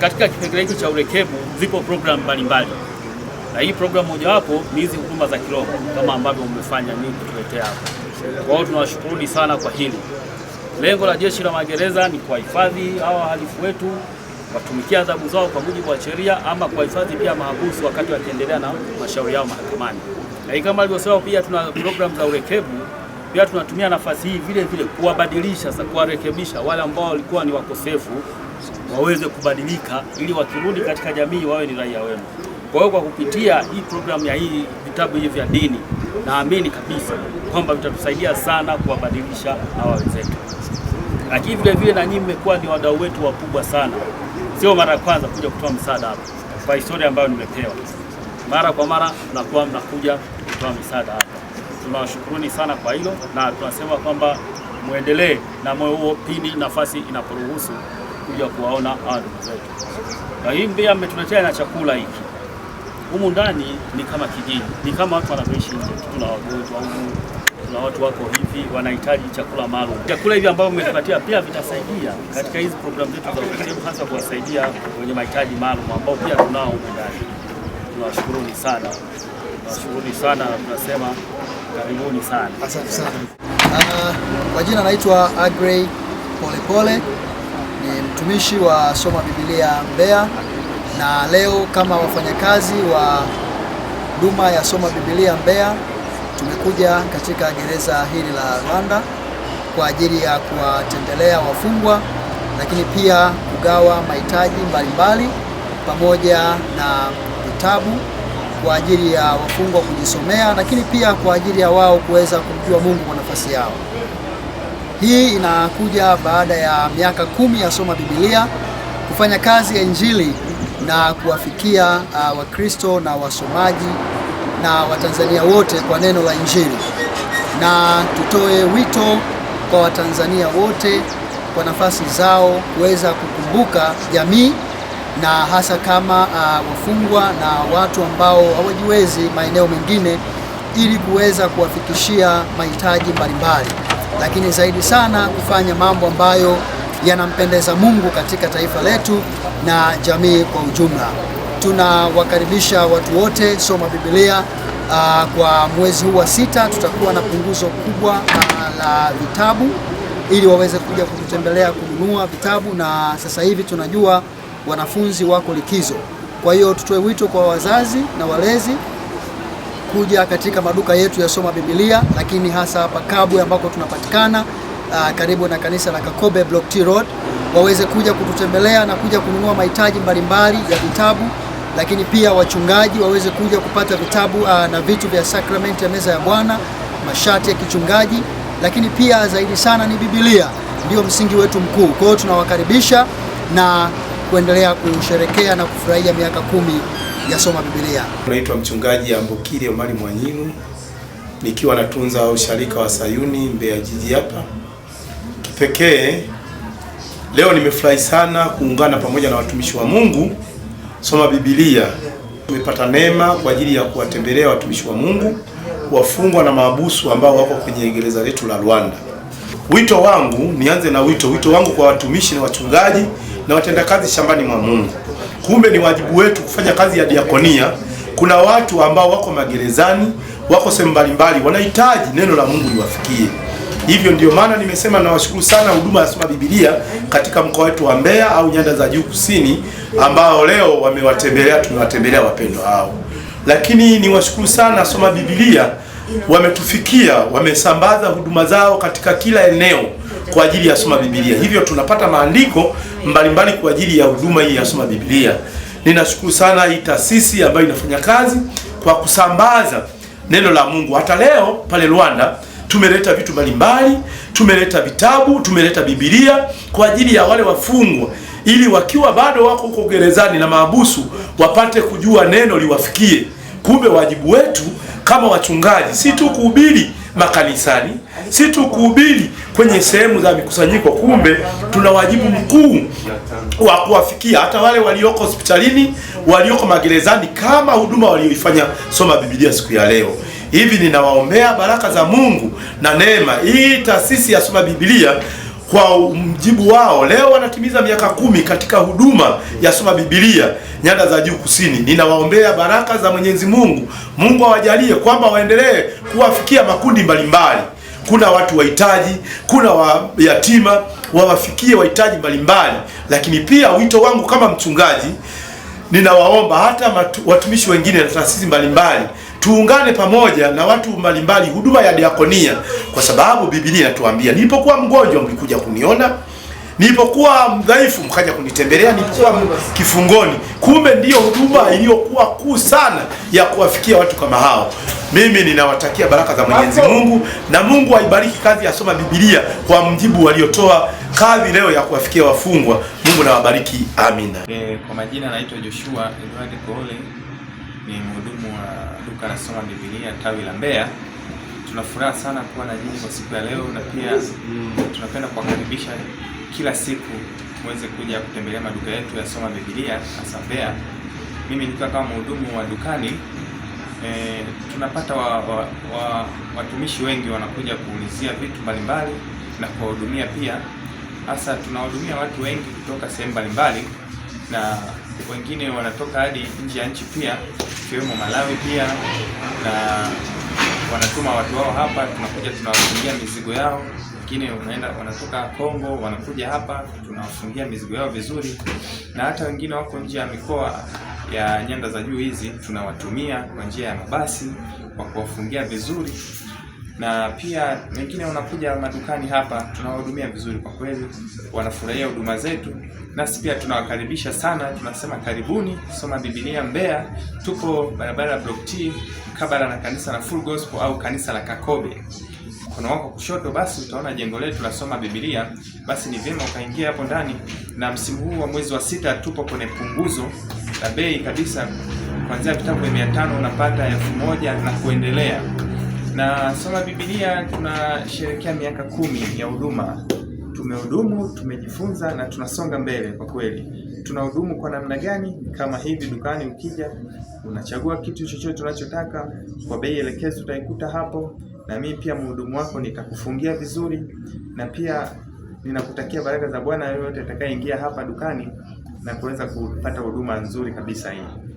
katika kipengele hicho cha urekebu zipo programu mbalimbali, na hii programu mojawapo ni hizi huduma za kiroho kama ambavyo umefanya nyinyi kutuletea hapa. Kwa hiyo tunawashukuruni sana kwa hili. Lengo la Jeshi la Magereza ni kuwahifadhi hawa wahalifu wetu watumikia adhabu zao kwa mujibu wa sheria, ama kuwahifadhi pia mahabusu wakati wakiendelea na mashauri yao mahakamani. Na kama alivyosema pia tuna programu za urekebu pia tunatumia nafasi hii vile vile kuwabadilisha sasa, kuwarekebisha wale ambao walikuwa ni wakosefu waweze kubadilika ili wakirudi katika jamii wawe ni raia wema. Kwa hiyo kwa kupitia hii programu ya hii vitabu hivi vya dini, naamini kabisa kwamba vitatusaidia sana kuwabadilisha hawa wenzetu, lakini vile vile na nyinyi mmekuwa ni wadau wetu wakubwa sana. Sio mara ya kwanza kuja kutoa msaada hapa, kwa historia ambayo nimepewa, mara kwa mara mnakuwa mnakuja kutoa msaada hapa. Tunawashukuruni sana kwa hilo, na tunasema kwamba muendelee na moyo huo pindi nafasi inaporuhusu kuja kuwaona hawa zetu. Na hii Mbeya ametuletea na chakula hiki humu ndani, ni kama kijiji, ni kama watu wanavyoishi nje. Tuna wagonjwa humu, tuna watu wako hivi wanahitaji chakula maalum. Chakula hivi ambavyo mmetupatia pia vitasaidia katika hizi programu zetu za elimu, hasa kuwasaidia wenye mahitaji maalum ambao pia tunao humu ndani. Tunawashukuruni sana, tunawashukuruni sana na tunasema karibuni sana, asante sana. Uh, kwa jina anaitwa Agrey Polepole ni mtumishi wa Soma Biblia Mbeya, na leo kama wafanyakazi wa huduma ya Soma Biblia Mbeya tumekuja katika gereza hili la rwanda kwa ajili ya kuwatembelea wafungwa, lakini pia kugawa mahitaji mbalimbali pamoja na vitabu kwa ajili ya wafungwa kujisomea, lakini pia kwa ajili ya wao kuweza kumjua Mungu kwa nafasi yao. Hii inakuja baada ya miaka kumi ya Soma Biblia kufanya kazi ya Injili na kuwafikia uh, Wakristo na wasomaji na Watanzania wote kwa neno la Injili, na tutoe wito kwa Watanzania wote kwa nafasi zao kuweza kukumbuka jamii na hasa kama uh, wafungwa na watu ambao hawajiwezi maeneo mengine, ili kuweza kuwafikishia mahitaji mbalimbali lakini zaidi sana kufanya mambo ambayo yanampendeza Mungu katika taifa letu na jamii kwa ujumla. Tunawakaribisha watu wote soma Biblia. Uh, ah, kwa mwezi huu wa sita tutakuwa na punguzo kubwa uh, la vitabu ili waweze kuja kututembelea kununua vitabu, na sasa hivi tunajua wanafunzi wako likizo. Kwa hiyo tutoe wito kwa wazazi na walezi kuja katika maduka yetu ya Soma Biblia, lakini hasa hapa Kabwe ambako tunapatikana ah, karibu na kanisa la Kakobe Block T Road, waweze kuja kututembelea na kuja kununua mahitaji mbalimbali ya vitabu, lakini pia wachungaji waweze kuja kupata vitabu ah, na vitu vya sakramenti ya meza ya Bwana, mashati ya kichungaji, lakini pia zaidi sana ni Biblia ndio msingi wetu mkuu. Kwa hiyo tunawakaribisha na kuendelea kusherekea na kufurahia miaka kumi ya Soma Biblia. Naitwa Mchungaji Ambokile Omari Mwanyinu nikiwa natunza usharika wa Sayuni Mbeya jiji hapa. Kipekee leo nimefurahi sana kuungana pamoja na watumishi wa Mungu Soma Biblia. Tumepata neema kwa ajili ya kuwatembelea watumishi wa Mungu, wafungwa na maabusu ambao wako kwenye gereza letu la Rwanda. Wito wangu nianze na wito, wito wangu kwa watumishi na wachungaji na watendakazi shambani mwa Mungu Kumbe ni wajibu wetu kufanya kazi ya diakonia. Kuna watu ambao wako magerezani, wako sehemu mbalimbali, wanahitaji neno la Mungu liwafikie. Hivyo ndio maana nimesema nawashukuru sana huduma ya Soma Biblia katika mkoa wetu wa Mbeya au nyanda za juu kusini, ambao leo wamewatembelea, tumewatembelea wapendwa hao. Lakini niwashukuru sana Soma Biblia, wametufikia, wamesambaza huduma zao katika kila eneo kwa ajili ya Soma Biblia. Hivyo tunapata maandiko mbalimbali kwa ajili ya huduma hii ya Soma Biblia. Ninashukuru sana hii taasisi ambayo inafanya kazi kwa kusambaza neno la Mungu. Hata leo pale Rwanda tumeleta vitu mbalimbali, tumeleta vitabu, tumeleta Biblia kwa ajili ya wale wafungwa, ili wakiwa bado wako huko gerezani na maabusu wapate kujua neno liwafikie. Kumbe wajibu wetu kama wachungaji si tu kuhubiri makanisani si tu kuhubiri kwenye sehemu za mikusanyiko, kumbe tuna wajibu mkuu wa kuwafikia hata wale walioko hospitalini, walioko magerezani, kama huduma walioifanya Soma Biblia siku ya leo. Hivi ninawaombea baraka za Mungu na neema hii taasisi ya Soma Biblia kwa mjibu wao leo wanatimiza miaka kumi katika huduma ya Soma Biblia nyanda za juu kusini. Ninawaombea baraka za Mwenyezi Mungu. Mungu awajalie kwamba waendelee kuwafikia makundi mbalimbali kuna watu wahitaji, kuna wa yatima, wawafikie wahitaji mbalimbali. Lakini pia wito wangu kama mchungaji, ninawaomba hata matu, watumishi wengine na taasisi mbalimbali tuungane pamoja na watu mbalimbali, huduma ya diakonia, kwa sababu Biblia inatuambia nilipokuwa mgonjwa mlikuja kuniona Nilipokuwa mdhaifu mkaja kunitembelea, nilipokuwa kifungoni. Kumbe ndiyo huduma iliyokuwa kuu sana ya kuwafikia watu kama hao. Mimi ninawatakia baraka za Mwenyezi Mungu na Mungu aibariki kazi ya Soma Biblia kwa mjibu waliotoa kazi leo ya kuwafikia wafungwa. Mungu nawabariki, amina. E, kwa majina naitwa Joshua Edward Kole, ni mhudumu wa duka la Soma Biblia tawi la Mbeya. Tunafuraha sana kuwa na nyinyi kwa siku ya leo na pia mm. tunapenda kuwakaribisha kila siku muweze kuja kutembelea maduka yetu ya Soma Biblia hasa Mbeya. Mimi nikiwa kama mhudumu wa dukani e, tunapata wa, wa, wa, watumishi wengi wanakuja kuulizia vitu mbalimbali na kuwahudumia pia. Hasa tunawahudumia watu wengi kutoka sehemu mbalimbali na wengine wanatoka hadi nje ya nchi pia, ikiwemo Malawi pia na wanatuma watu wao hapa, tunakuja tunawafungia mizigo yao, lakini wanaenda wanatoka Kongo wanakuja hapa, tunawafungia mizigo yao vizuri, na hata wengine wako nje ya mikoa ya nyanda za juu hizi, tunawatumia kwa njia ya mabasi kwa kuwafungia vizuri na pia wengine unakuja madukani hapa, tunawahudumia vizuri kwa kweli, wanafurahia huduma zetu, nasi pia tunawakaribisha sana. Tunasema karibuni Soma Biblia Mbeya. Tupo barabara ya Block T kabla na kanisa la Full Gospel au kanisa la Kakobe mkono wako kushoto, basi utaona jengo letu la Soma Biblia. Basi ni vyema ukaingia hapo ndani, na msimu huu wa mwezi wa sita tupo kwenye punguzo la bei kabisa, kuanzia vitabu mia tano unapata elfu moja na kuendelea na soma Biblia tunasherehekea miaka kumi ya huduma. Tumehudumu, tumejifunza na tunasonga mbele. Kwa kweli, tunahudumu kwa namna gani? Kama hivi dukani, ukija unachagua kitu chochote unachotaka kwa bei elekezi, utaikuta hapo, na mimi pia mhudumu wako nitakufungia vizuri, na pia ninakutakia baraka za Bwana yoyote atakayeingia hapa dukani na kuweza kupata huduma nzuri kabisa hii.